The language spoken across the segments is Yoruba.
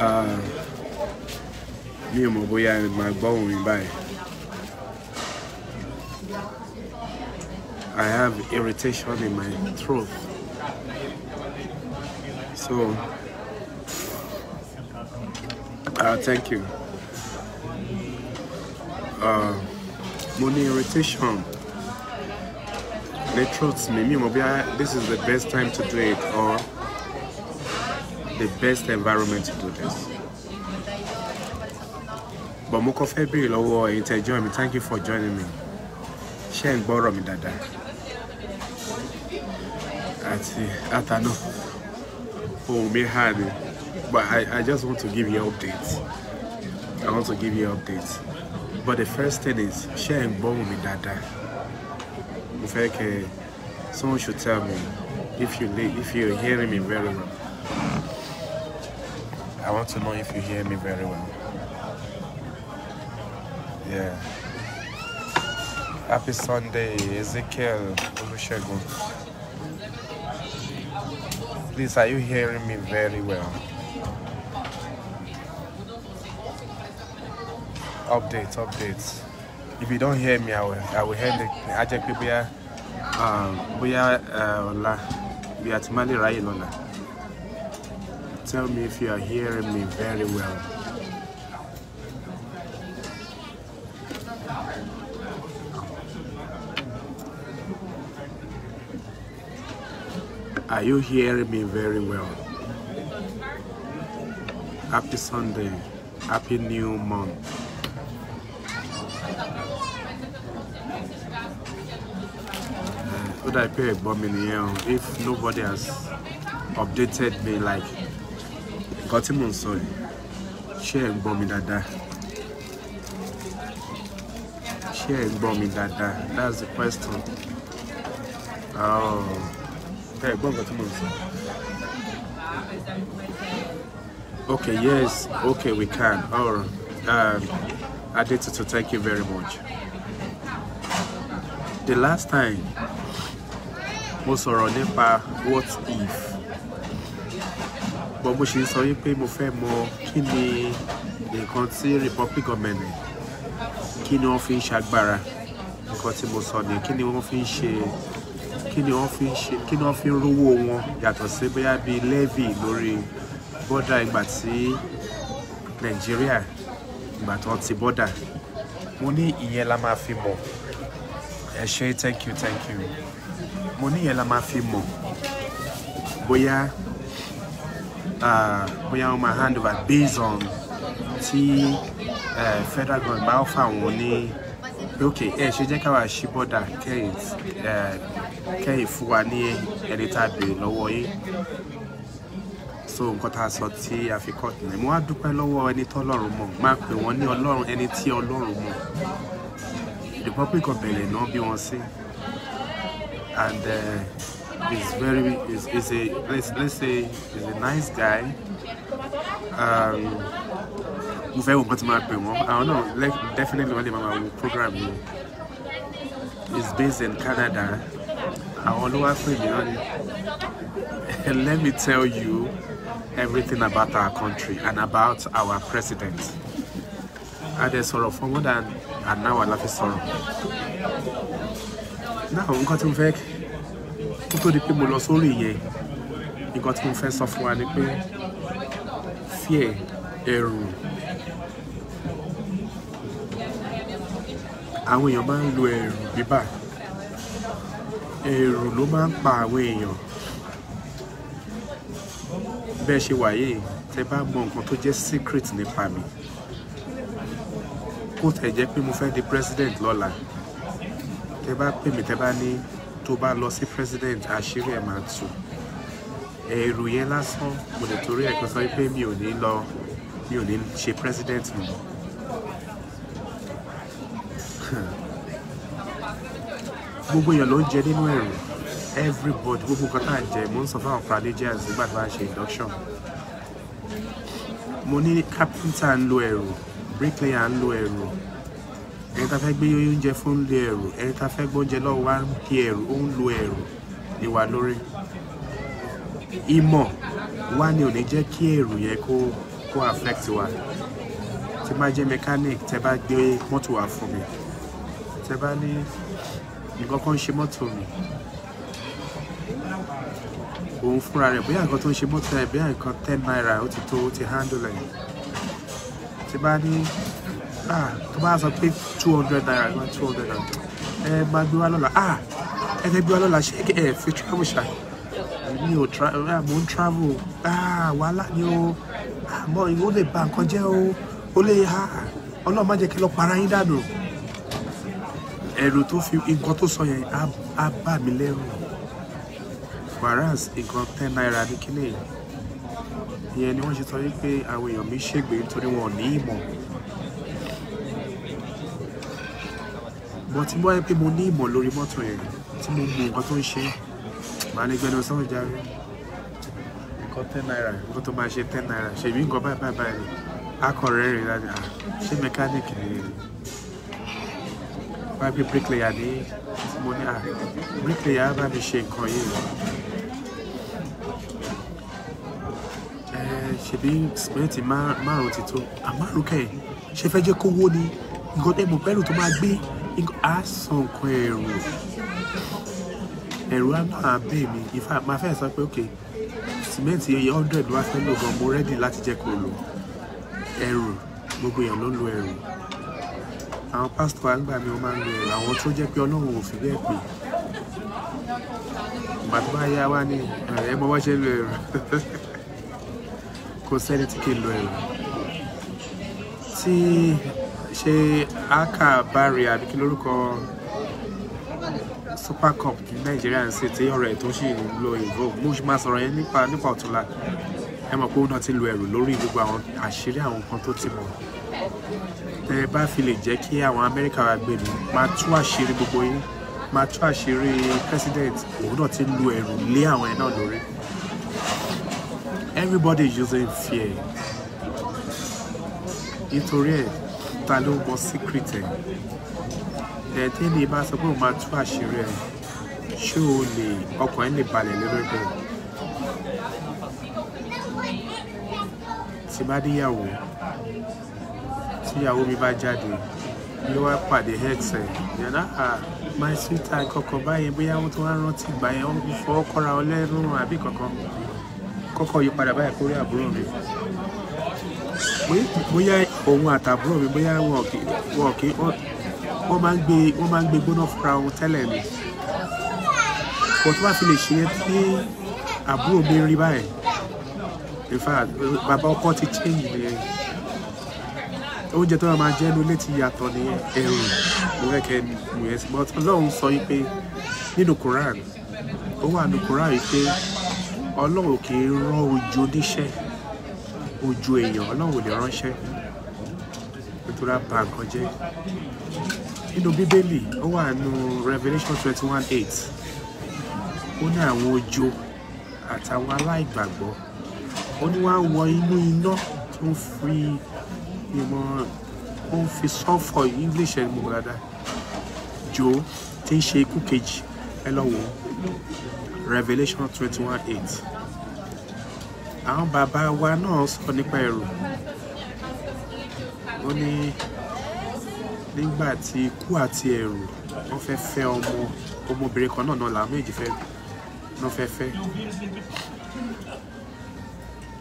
me and my boy out in my bowling bay. I have irritation in my throat. So, uh, thank you. Uh, money irritation. The throat me, me, this is the best time to do it. Or the best environment to do this. But Moko kàn fẹ́ béèrè lọ́wọ́ ẹ̀yin me thank you for joining me. Ṣé ẹ̀ ń gbọ́rọ̀ mi dáadáa? Àti àtànà ohun mi hà but I, I just want to give you updates. I want to give you updates. But the first thing is ṣé ẹ̀ ń gbọ́rọ̀ mi someone should tell me if you if you're hearing me very well. I want to know if you hear me very well. Yeah. Happy Sunday, Ezekiel Olusegun. Please, are you hearing me very well? Updates, updates. If you don't hear me, I will, I will hear the Ajay Bia, we are, uh, Ola, We are Rai Lona. Tell me if you are hearing me very well. Are you hearing me very well? Happy Sunday. Happy new month. I pay a here if nobody has updated me like nǹkan tí mò ń sọ yìí ṣé ẹ̀ ń gbọ́ mi dáadáa ṣé ẹ̀ ń gbọ́ mi dáadáa that's the question oh, ẹ̀ gbọ́ nǹkan tí mò ń sọ. Okay, yes, okay, we can. All right. Um, Adetutu, thank you very much. The last time, mo sọ̀rọ̀ nípa what if bọ́ mo ṣe ń sọ wípé mo fẹ́ mọ kí ni nǹkan tí republic gọọmenti kí ni wọ́n fi ń ṣagbára nǹkan tí mo sọ ni kí ni wọ́n fi ń ṣe kí ni wọ́n fi ń ṣe kí ni wọ́n fi ń rówó wọn yàtọ̀ sí bóyá bíi levy lórí bọ́dà ìgbà tí nàìjíríà ìgbà tó ti bọ́dà mo ní ìyẹn la máa fi mọ̀ ẹ ṣé thank you thank you mo ní ìyẹn la máa fi mọ̀ bóyá. Ah, bóyá wọ́n máa hand over based on tí eh, federal government bá fà wọ́n ní ok ẹ ṣe jẹ́ káwa ṣí bọ́dà kẹ́yìn eh, fún wa ní ẹni tá a béèrè lọ́wọ́ yín so nǹkan tá a sọ tí a fi kọ́ tìǹbù mo wá dúpẹ́ lọ́wọ́ ẹni tó ọlọ́run mọ̀ máa pè wọ́n ní ọlọ́run ẹni tí ọlọ́run mọ̀ the public of Benin náà bí wọ́n sí and. Uh, He's very is, is a let's let's say he's a nice guy. Um, mo fẹ́ wo nǹkan tí máa pè wọ́n. definitely wọ́n lè máa will program you. He's based in Canada. Àwọn ló wá pè mí náà ni. Let me tell you everything about our country and about our president. Adé sọ̀rọ̀ for more than and now I love his sorrow. Now tí mo fẹ́ kí kó tó di pé mo lọ sórí ìyẹn nǹkan tí mo fẹ́ sọ fún wa ni pé fear ẹ̀rù àwọn èèyàn máa ń lo ẹ̀rù bíbà ẹ̀rù ló máa ń pa àwọn èèyàn bẹ́ẹ̀ ṣe wáyé tẹ bá mọ nǹkan tó jẹ́ secret nípa mi kó tẹ̀ jẹ́ pé mo fẹ́ di president lọ́la tẹ bá pè mí tẹ bá ní tó bá lọ sí president àṣírí ẹ̀ máa tù ẹ̀rù yẹn lásán mo lè torí ẹ̀kan sọ pé mi ò ní lọ mi ò ní ṣe president mọ́ gbogbo èèyàn ló ń jẹ nínú ẹ̀rù everybody gbogbo nǹkan tá à ń jẹ mo ń sọ fáwọn paralegals nígbà tí wọ́n ṣe induction mo ní carpenter ń lo ẹ̀rù bricklayer ń lo ẹ̀rù ẹni tá fẹ́ gbé oúnjẹ fún ń lo ẹ̀rù ẹni tá fẹ́ gbóúnjẹ lọ́wọ́ wá ń di ẹ̀rù ó ń lo ẹ̀rù lé wa lórí ìmọ̀ wa ni ò ní jẹ́ kí ẹ̀rù yẹn kó kó affect wa tí bá jẹ́ mechanic tẹ́ bá gbé mọ́tò wá fún mi tẹ́ bá ní nǹkan kan ṣe mọ́tò mi òun fúnra rẹ̀ bóyá nǹkan tó ń ṣe mọ́tò rẹ̀ bóyá nǹkan ten naira ó ti tó ó ti handle ẹ̀ tí bá ní ah tó bá sọ pé two hundred naira gan two hundred naira ẹ máa gbé wá lọ́la ah ẹ fẹ́ gbé wá lọ́la ṣé ẹ fi travel ṣá mi ò mo ń travel ah wàhálà ni o àmọ́ ah, ìwọ lè ba nǹkan jẹ́ o ó lè ha ọlọ́run má jẹ́ kí lọ para yín dànù ẹ̀rù tó fi nǹkan tó sọ yẹn á bà mí lẹ́rù whereas nǹkan ten naira ní kílẹ̀ yìí ìyẹn ni wọ́n ṣe sọ wípé àwọn èèyàn mi ṣègbè nítorí wọn ò ní ìmọ̀. bọ̀ tí wọ́n yẹ pé mo ní ìmọ̀ lórí mọ́tò yẹn tí mo mọ nǹkan tó ń ṣe màá ní gbẹdọ̀ sọ́wọ́n járe nǹkan ten naira nǹkan tó máa ṣe ten naira ṣèbí nǹkan báyìí báyìí báyìí akọ̀rẹ́ rẹ̀ láti à ah, ṣé mẹkáníìkì ni wáá bí bricklayer ní mo ní à ah, bricklayer bá mi ṣe nǹkan yìí eh, ṣèbí sìmẹ́ǹtì márùn-ún ti tó àmárùn-ún kẹ̀ ṣe fẹ́ jẹ́ kówó ni nǹkan tẹ́ mo pẹ́lú tó máa gbé á san nǹkan ẹ̀rù ẹ̀rù á máa bẹ́ẹ̀ mi in fact máa fẹ́ sọ pé ok sìmẹ́ǹtì iye hundred wá fẹ́ lò gan mo rẹ́dì láti jẹ́ kó lò ẹ̀rù gbogbo èèyàn ló ń lo ẹ̀rù àwọn pásítọ̀ àgbà mi wọ́n máa ń lo ẹ̀rù àwọn tó jẹ́ pé ọlọ́run ò fi bẹ́ẹ̀ pè ìgbà tó bá yá wá ní ẹ mọ wọ́n ṣe lo ẹ̀rù kò sẹ́ni tí kì í lo ẹ̀rù tí ṣe aka barry àbí kí lórúkọ super cup ní nàìjíríà ń ṣe tí ọ̀rọ̀ ẹ̀ tó ṣì ń lo involve mo ṣe máa sọ̀rọ̀ yẹn nípa nípa ọ̀túnla ẹ mọ̀ pé ó náà ti lo ẹ̀rù lórí gbogbo àwọn àṣírí àwọn nǹkan tó ti mọ̀ tẹ ẹ bá fi lè jẹ́ kí àwọn amẹ́ríkà wa gbèlú máa tú àṣírí gbogbo yín máa tú àṣírí president òun náà ti lo ẹ̀rù lé àwọn ẹ̀ náà lórí everybody using fear nítorí ẹ̀ ta ló mọ secret ẹ̀ ẹ̀ tẹ́lẹ̀ bá sọ pé òun máa tú àṣírí ẹ̀ ṣé o lè ọkàn ẹ̀ lè balẹ̀ lórí bẹ́ẹ̀ tí bá níyàwó tíyàwó mi bá jáde ló wá pàdé ẹ̀tẹ̀ yàrá ah, my sweetheart kọ̀ọ̀kan báyìí bóyá wọ́n tó wá rántí ìgbà yẹn wọ́n fọwọ́ kọ́ra ọ lẹ́rùn àbí kankan kọ́kọ́ yí padà báyìí kórè àbúrò mi pé bóyá òun àtàbúrò mi bóyá wọn kì wọn kì wọn máa ń gbé wọn máa ń gbé gbóná fúnra wọn tẹ́lẹ̀ ni kò tó bá fi lè ṣe yẹn tí àbúrò mi rí báyìí in fact bàbá ọkọ ti change nìyẹn oúnjẹ tó máa jẹ́ ló létí yàtọ̀ ní ẹ̀rù mo fẹ́ kẹ́ mú yẹn sí but ọlọ́run sọ yìí pé nínú Quran ó wà ní Quran yìí pé ọlọ́run kì í rán ojú oníṣẹ́ ojú èèyàn ọlọ́run ò lè ránṣẹ́ nítorí àbá nǹkan jẹ́ nínú bíbélì ó wà nù Revelation twenty one eight ó ní àwọn ojo àtàwọn aláìgbàgbọ́ ó ní wọ́n á wọ inú iná tó ń fi ìmọ̀ ó ń fi sọ́fọ̀ English ẹ̀ mọ̀ dáadáa jo tí ń ṣe ikú kejì ẹ lọ́wọ́ Revelation twenty one eight àwọn bàbá wa náà sọ nípa ẹ̀rù ó ní nígbà tí ikú àti ẹ̀rù wọ́n fẹ́ fẹ́ ọmọ ọmọbìnrin kan náà náà làwọn méjì fẹ́ náà fẹ́ fẹ́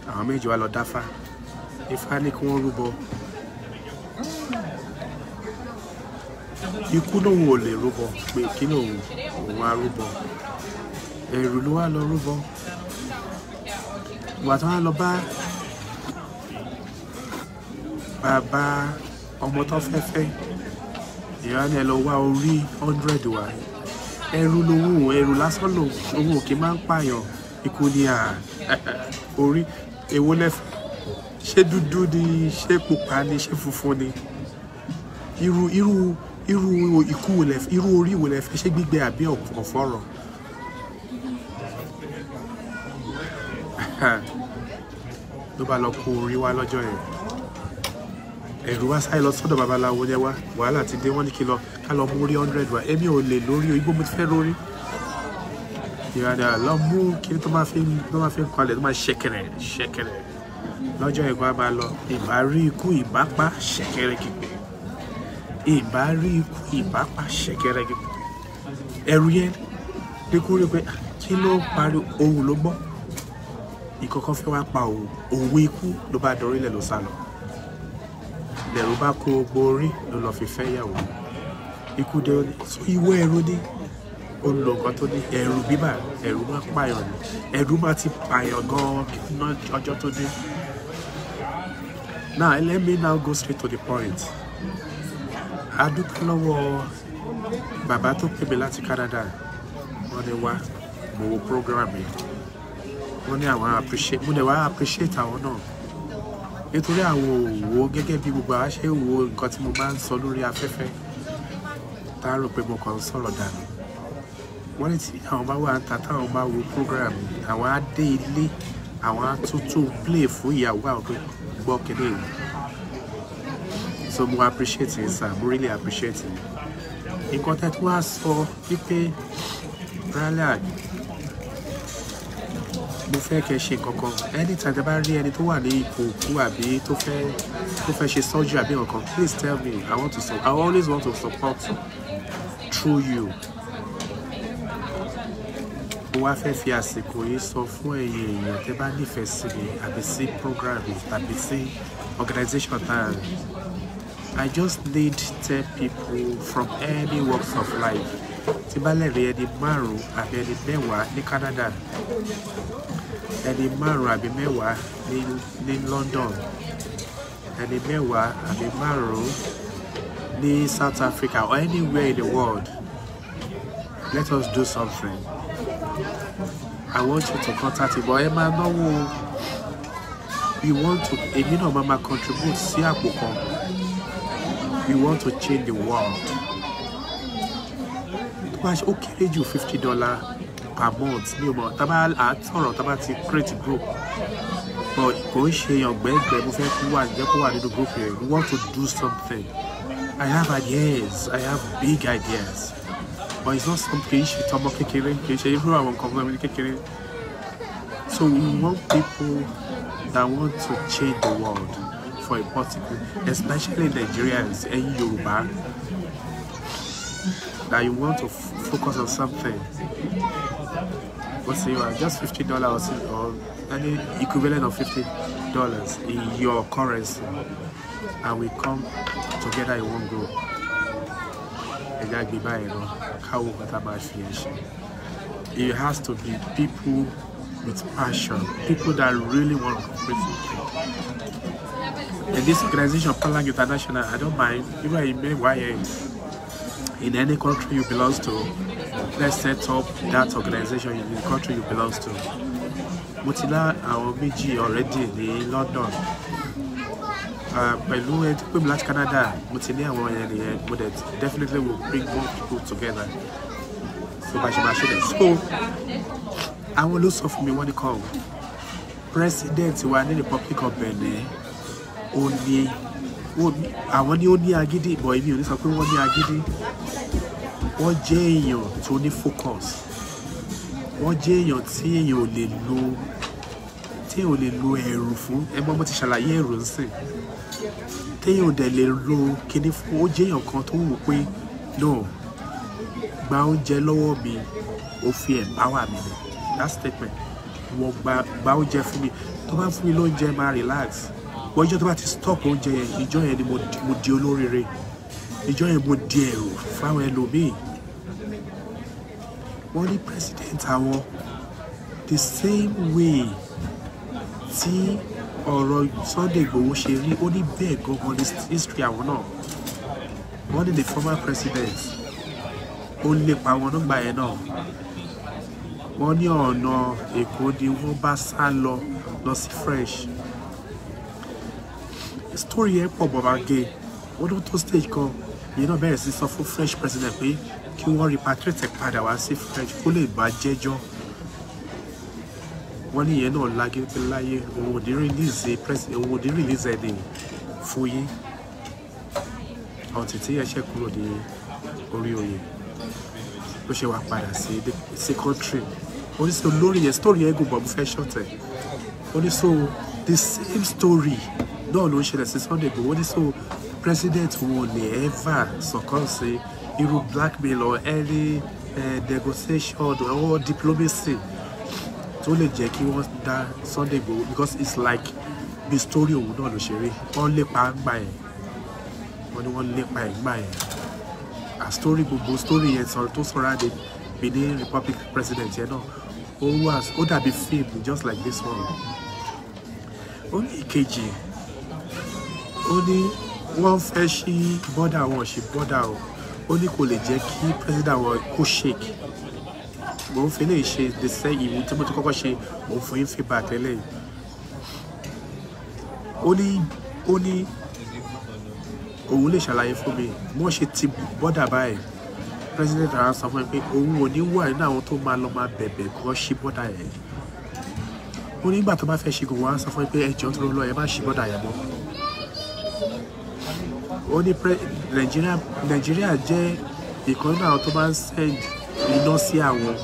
àwọn méjì wa lọ dáfá ifá ní kí wọ́n rúbọ ikú lòun ò lè rúbọ pé kí lòun òun á rúbọ ẹ̀rù ló wá lọ rúbọ ìgbà tí wọ́n lọ bá bàbá ọmọ tó fẹ́ fẹ́ ìyá ni ẹ lọ wá orí hundred wa ẹrú lówó ẹrú lásán lò owó òkè máa ń pààyàn ikú ni à orí èwo lẹ́fọ̀ ṣé dúdú ni ṣé pupa ni ṣé funfun ni irú irú irú ikú irú orí wo lẹ fẹ́ ṣé gbígbẹ àbí ọ̀fọ̀rọ̀ ló bá lọ kó orí wá lọ́jọ́ yẹn ẹ̀rù wá sáyé lọ sọ́dọ̀ babaláwo yẹn wá wàhálà ti dé wọ́n ní kí lọ ká lọ mú orí hundred wá èmi ò lè lórí igbó mo ti fẹ́ lórí ìrànà lọ mú kí tó máa fi tó máa fi palẹ̀ tó máa ṣẹ̀kẹ̀rẹ̀ ṣẹ̀kẹ̀rẹ̀ lọ́jọ́ ìgbà máa lọ ìbá rí ikú ìbá pa ṣẹ̀kẹ̀rẹ̀ gígbé ìbá rí ikú ìbá pa ṣẹ̀kẹ̀rẹ̀ gígbé ẹ̀rù yẹn ní kúrò pé ah, kí ló pariwo ohun ló gbọ́ ìkọ̀kan fẹ́ wá pa òwe ikú ló bá dorílẹ̀ ló sá lọ lẹ̀rú bá kó gbogbo orí ló lọ́ọ́ fi fẹ́ yàwó ikú dé ó ní sọ ìwọ ẹ̀rù ni ó lọ nǹkan tó ní ẹ̀rù bíbà ẹ̀rù máa pààyàn ni ẹ̀rù máa ti pààyàn gan ọjọ́ tó dé now let me now go straight to the point a dúpẹ́ lọ́wọ́ bàbá tó pè mí láti Canada wọ́n ní wá mo wo program yìí wọ́n ní àwọn appreciate mo dẹ̀ wá appreciate àwọn náà nítorí àwọn òwò gẹ́gẹ́ bí gbogbo àwọn ṣe wo nǹkan tí mo máa ń sọ lórí afẹ́fẹ́ tá a rò pé mo kàn ń sọ̀rọ̀ dànù wọ́n ní tí àwọn bá wà ta táwọn bá wo program àwọn á dé ilé àwọn á tuntun play fún ìyàwó àwọn pé gbọ́ kéde ìlú so mo appreciate it sir mo really appreciate it nǹkan tẹ́ tó wá sọ wípé rálẹ̀ àgbẹ̀ mo fẹ́ kẹ́ ṣe kankan anytime tẹ́ bá rí ẹni tó wà ní ipò òkú àbí tó fẹ́ tó fẹ́ ṣe surgery àbí nǹkan please tell me i want to i always want to support through you mo wá fẹ́ fi àsìkò yìí sọ fún ẹ̀yin èèyàn tẹ́ bá nífẹ̀ẹ́ sí mi àbí sí program tàbí sí organization tá i just need ten people from any walks of life tí bá lè rí ẹni márùn-ún àbí ẹni mẹ́wàá ní Canada ẹni márùn-ún àbí mẹ́wàá ní London ẹni mẹ́wàá àbí márùn ní South Africa or anywhere in the world let us do something I want you to contact me but ẹ máa náwó we want to èmi náà máa máa contribute sí àpò kan we want to change the world tó bá ṣe ó kéré jù fifty dollar per month mi ò mọ̀ tá a bá àtọ̀rọ̀ tá a bá ti create group but kò ń ṣe èèyàn gbẹ́gbẹ́ mo fẹ́ kó wà jẹ́ kó wà nínú group yẹn we want to do something I have ideas I have big ideas but it's not something kì í ṣe tọmọ kékeré kì í ṣe irú àwọn nǹkan fún mi kékeré so we want people that want to change the world for a positive especially Nigerians ẹ̀yin Yorùbá that you want to focus on something just fifty dollars or any equivalent of fifty dollars in your currency, and we come together in one group. And that ẹ̀rọ káwọ́ kọ́tà bá fi ẹ̀ ṣe. It has to be people with passion, people that really want to do something. And this organization, Palang International, I don't mind, even in Meanwhile, in any country you belong to, let's set up that organization in the country you belong to mo ti lá àwọn méjì already in London pẹ̀lú ẹni pé láti Canada mo ti ní àwọn ẹni yẹn mo dẹ̀ definitely will bring more people together so bá ṣe máa ṣe dẹ̀ so àwọn ló sọ fún mi wọ́n ní kọ́ ọ president wa ní Republic of Benin ó ní àwọn ní ó ní agídí ìbọn èmi ò ní sọ pé wọ́n ní agídí wọ́n jẹ́ èèyàn tó ní focus wọ́n jẹ́ èèyàn tí èèyàn ò lè lo téèyàn ò lè lo ẹ̀rù fún ẹgbọ́n mo ti ṣàlàyé ẹ̀rù ńsìn téèyàn ò dẹ̀ lè lo kíní fún ó jẹ́ èèyàn kan tó wù pé náà gba oúnjẹ lọ́wọ́ mi ó fi empower mi ni that statement wọ́n gba gba oúnjẹ fún mi tó bá fún mi lóúnjẹ máa relax wọ́n jẹ́ tó bá ti stop oúnjẹ yẹn ìjọ yẹn ni mo di olóríire ìjọ yẹn mo di ẹ̀rù fáwọn ẹlòmíì wọ́n ní president àwọn the same way tí ọ̀rọ̀ Sunday Igboho ṣe rí ó ní bẹ́ẹ̀ gangan ní history àwọn náà wọ́n ní the former president ó lépa wọn nígbà yẹn náà wọ́n ní ọ̀nà Èkó ni wọ́n bá sá lọ lọ sí fresh story yẹn pọ̀ bọ̀ bá gé wọ́n tó stage kan èyí náà bẹ̀rẹ̀ sí sọ fún French president pé kí wọ́n repatriate padà wá sí French kó lè bá jẹ́jọ́ wọ́n ní ìyẹn náà lágé pé láyé òun ò ní release president òun ò ní release ẹni fún yín àwọn tètè ẹṣẹ kúrò ní orí oyè ló ṣe wá padà sí sí country ó ní sọ lórí yẹn story yẹn gbogbo àbúfẹ́ ṣọ̀tẹ̀ ó ní sọ the same story náà ló ń ṣẹlẹ̀ sí Sunday Igboho ó ní sọ president wọn never lè ever sọ̀kan sí blackmail or any uh, negotiation or diplomacy tó lè jẹ́ kí wọ́n Sunday Igboho because it's like the story òun náà ló ṣe rí wọ́n lépa gbà ẹ̀ by ní wọ́n lépa a story gbogbo story yẹn sọ̀rọ̀ tó sọ̀rọ̀ àdé Benin Republic president yẹn náà ó wà ó dàbí filmed just like this one Only KG. Only wọ́n fẹ́ ṣí bọ́dà wọn ṣí bọ́dà o ó ní kò lè jẹ́ kí pẹ́sídà wọn kó shake mò ń fi lè ṣe dẹsẹ́ ìwú tí mo ti kọ́kọ́ ṣe mò ń fún yín feedback lẹ́lẹ́yìn ó ní ó ní òun lè ṣàlàyé fún mi wọ́n ṣe ti bọ́dà báyìí president ara sọ fún mi pé òun ò ní wà nínú àwọn tó máa lọ máa bẹ̀bẹ̀ kọ́ ṣí bọ́dà yẹn ó nígbà tó bá fẹ́ ṣe kò wá sọ fún mi pé ẹjọ́ tó lọ ẹ má ṣí bọ́dà yẹn mọ́ ó ní nàìjíríà nàìjíríà jẹ́ ìkan nínú àwọn tó máa ń send iná sí àwọn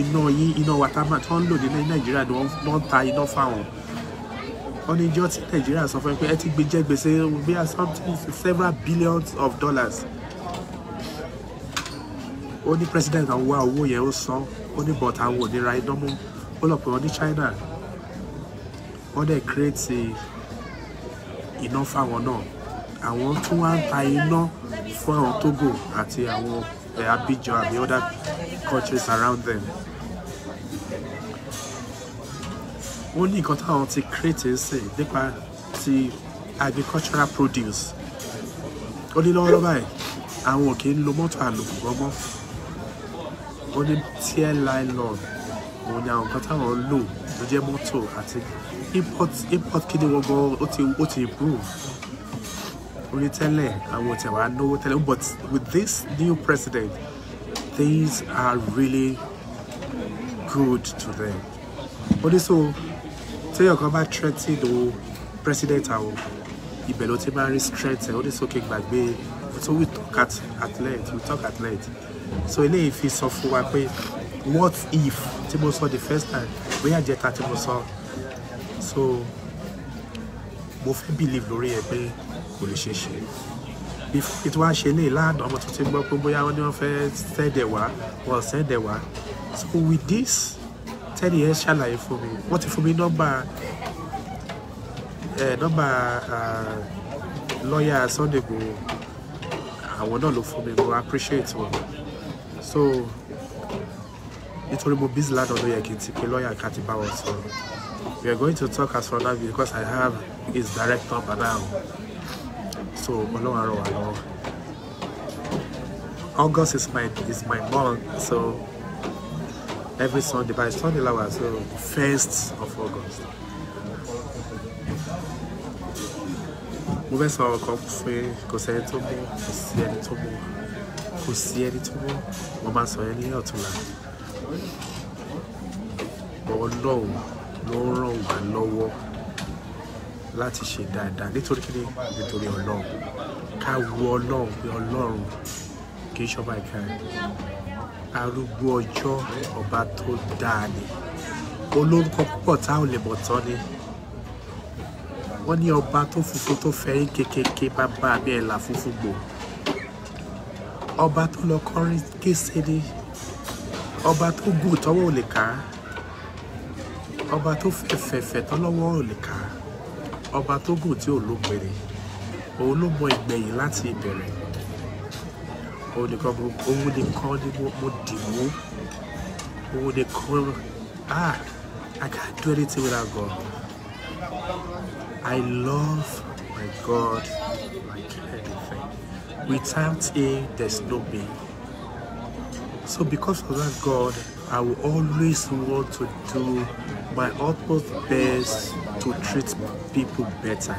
iná yín iná wàtámà tó ń lò ní nàìjíríà ni wọ́n ń ta iná fáwọn wọ́n tí nàìjíríà sọ fún ẹ pé ẹ ti gbé gbèsè bí i something several billions of dollars ó ní president àwọn wá owó yẹn ó san ó ní but àwọn ò ní ra iná mú ó lọ pé wọ́n ní China wọ́n dẹ̀ create iná fáwọn náà àwọn tún wá ń ta iná fún àwọn Togo àti àwọn eh, Abidjan àbí other countries around them ó ní nǹkan táwọn ti create ń sè nípa ti agricultural produce ó ní lọ́wọ́lọ́wọ́ báyìí àwọn òkè ń lo mọ́tò àlòkù gbọ́gbọ́n ó ní tier line lord òun ni àwọn nǹkan táwọn ń lò ló jẹ́ mọ́tò àti import import kí ni wọ́n gan ó ti improve tell tẹ́lẹ̀ àwọn tẹ̀ wá náwó tẹ́lẹ̀ but with this new president things are really good to them ó ní so tell kan bá threatened o president àwọn ibẹ̀ ló ti máa ń rí strength ẹ̀ ó ní so kí gbàgbé so we talk at at athlete we talk at athlete so eléyìí if he suffer, what pé what if tí mo sọ the first time We bóyá jẹta tí mo sọ so mo fẹ́ believe lórí ẹ̀ pé kò lè ṣe ṣe ìtú wa ṣe léyìí láàánú ọmọ tuntun gbọ́ pé bóyá wọ́n ní wọ́n fẹ́ tẹ́ẹ̀dẹ̀ wá wọ́n sẹ́ẹ̀dẹ̀ wá so with this tẹ́ẹ̀dì yẹn ṣàlàyé fún mi wọ́n ti fún mi nọ́mbà eh, nọ́mbà ah, lọ́ọ̀yà Sunday Igboho àwọn náà ló fún mi mo appreciate wọn so nítorí mo busy lánàá ló yẹ kí n ti pe lọ́ọ̀yà ká ti bá wọn sọ̀rọ̀ we are going to talk as for now because I have his direct number now so ọlọ́run August is my is my month so every Sunday by Sunday lawa so first of August. mo fẹ́ sọ ọkọ̀ pé kò sẹ́ni tó mú kò sí ẹni tó mú kò sí ẹni tó mú wọ́n máa sọ ẹni ọ̀túnla ọlọ́run ló ń ràn wá lọ́wọ́ láti ṣe dáadáa nítorí kí ni nítorí ọlọ́run ká wo ọlọ́run pé ọlọ́run kì í ṣọba ìkànnì arúgbó ọjọ́ ọba tó dáa ni olórúkọ púpọ̀ táwọn lè bọ̀ tán ni wọ́n ní ọba tó funfun tó fẹ́yìn kékeré bàbá abẹ́ ẹ̀là funfun gbò ọba tó lọ kọrin kése ni ọba tó gùn tọ́wọ́ ò lè kà á ọba tó fẹ̀fẹ̀fẹ̀ tọ́lọ́wọ́ ò lè kà ọba tó tí ò lópere òun ló mọ ìgbẹ̀yìn láti ìbẹ̀rẹ̀ òun nìkan òun nìkan ni mo dì mú òun nìkan ah I can't do anything without God I love my God like anything without him there's no me so because of that God I will always want to do my utmost best to treat people better.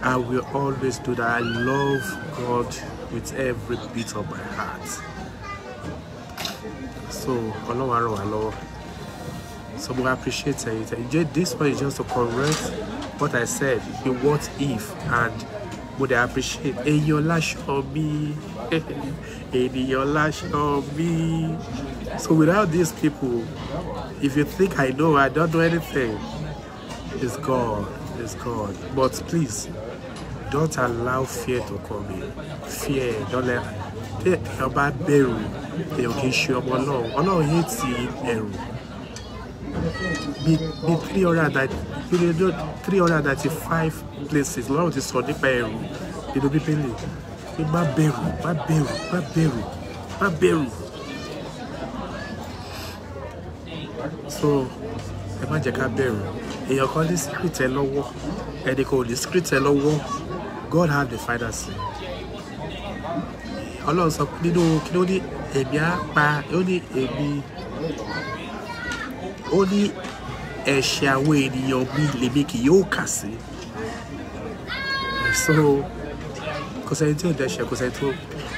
I will always do that. I love God with every bit of my heart. So, Olawaro Aloha. So, I appreciate it. This one is just to correct what I said, the what if, and would I appreciate your lash, me? in your lash, on me? So, without these people, If you think I know, I don't know anything. It's God. It's God. But please, don't allow fear to come in. Fear, don't let téèyàn bá bẹ̀rù èèyàn kì í ṣe ọmọ ọlọ́run ọlọ́run yìí ti ẹ̀rù bí three hundred and ninety five places lọ́run ti sọ nípa ẹ̀rù nínú bíbélì pé má bẹ̀rù má bẹ̀rù má bẹ̀rù má bẹ̀rù. so ẹ má jẹ́ ká bẹ̀rù èèyàn kan ní script ẹ lọ́wọ́ ẹnì kan ò ní script ẹ lọ́wọ́ God have the final say ọlọ́run sọ nínú kí ló ní èmi á pa ó ní èmi ó ní ẹ̀ṣẹ̀ àwọn ènìyàn mi lèmi kì yóò kà sí so kò sẹ́ni tí ò dẹ́ṣẹ̀ kò sẹ́ni tó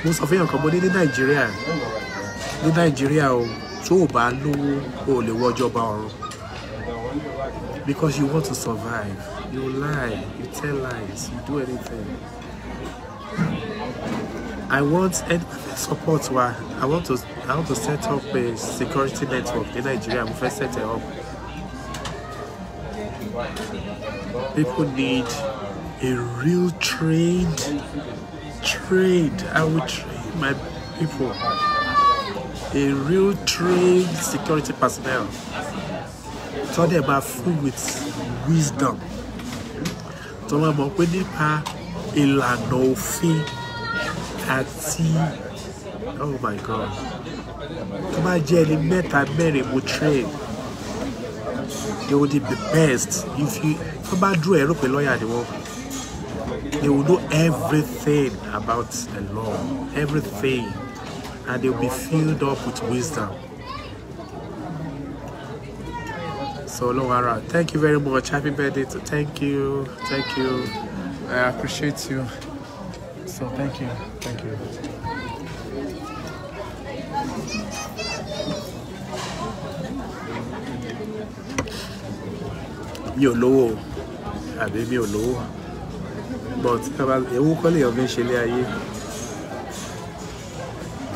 mo sọ fún èèyàn kan mo ní ní Nàìjíríà ní Nàìjíríà o tó o bá lówó o lè wọjọba ọ̀run because you want to survive you lie you tell lies you do anything i want support wa i want to i want to set up a security network in nigeria mo fẹ́ set it up people need a real trained trained i will train my people a real trained security personnel tó dẹ̀ máa full with wisdom tó máa mọ̀ pé nípa ìlànà òfin àti oh my god tó máa jẹ́ ẹni mẹ́ta mẹ́rin mo train they will be best if you tó bá dúró ẹ̀rọ pé lọ́ọ̀yà ni wọ́n they will know everything about the law everything and they'll be filled up with wisdom. So, Lowara, thank you very much. Happy birthday to thank you. Thank you. I appreciate you. So, thank you. Thank you. mi ò lówó àbí mi ò lówó but ewu kọ́lé ọ̀gbìn ṣe lé ayé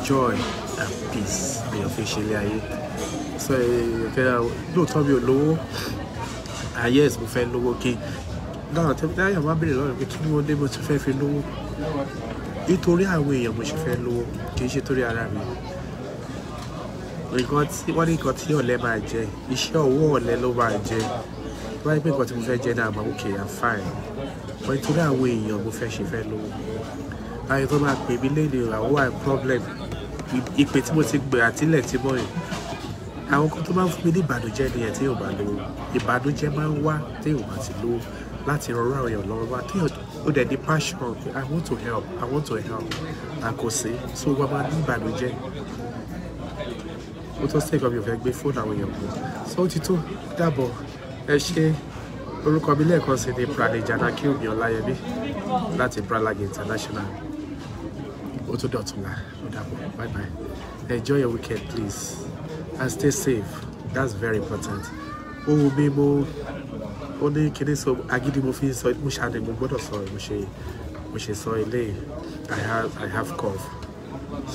joy and peace èèyàn fi ṣe ilé so èèyàn eh, fẹ́ lóòótọ́ mi ò lówó ayé ah, ẹ̀sìn mo fẹ́ lówó kí náà táyà máa bèrè lọ́rọ̀ pé kí ni mo dé mo ti fẹ́ fi lówó nítorí àwọn èèyàn mo ṣe fẹ́ lówó kì í ṣe torí ara mi nǹkan tí wọ́n ní nǹkan tí ọ̀lẹ máa jẹ iṣẹ́ ọwọ́ ọ̀lẹ ló máa jẹ wọ́n ní pé nǹkan tí mo fẹ́ jẹ náà máa okay I'm fine wọ́n nítorí àwọn èèyàn mo fẹ́ ṣe fẹ́ lówó báyìí tó máa pè mí léde àwọn problem ìpè tí mo ti gbé àtìlẹ̀ tí mo rìn àwọn kan tó máa ń fún mi ní ìbànújẹ́ ni ẹ̀ tí yóò bá lówó ìbànújẹ́ máa ń wá tí yóò bá ti lówó láti ran ọ̀rọ̀ èèyàn lọ́wọ́ wá tí ó dẹ̀ ní passion I want to help I want to help àkọsí so wọ́n máa ní ìbànújẹ́ ó tó sẹ́kọ̀ọ́ mi ò fẹ́ gbé fóònù àwọn èèyàn mọ́ so ó ti tó dàbọ̀ ẹ ṣe orúkọ mi lẹ́ẹ̀kan sí ni pradeja nakiomi ọláyẹmí láti bralage international ó tún dọ̀tún la bye bye enjoy your weekend please and stay safe that's very important ó wù mí mo ó ní kíní mo fi so sọ mo ṣàdé mo gbọ́dọ̀ sọ mo ṣe mo ṣe sọ ilé i have i have cough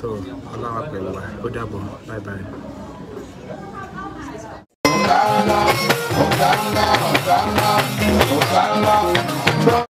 so ọlọ́wà pẹ̀lú wa ó dàbọ̀ bye bye.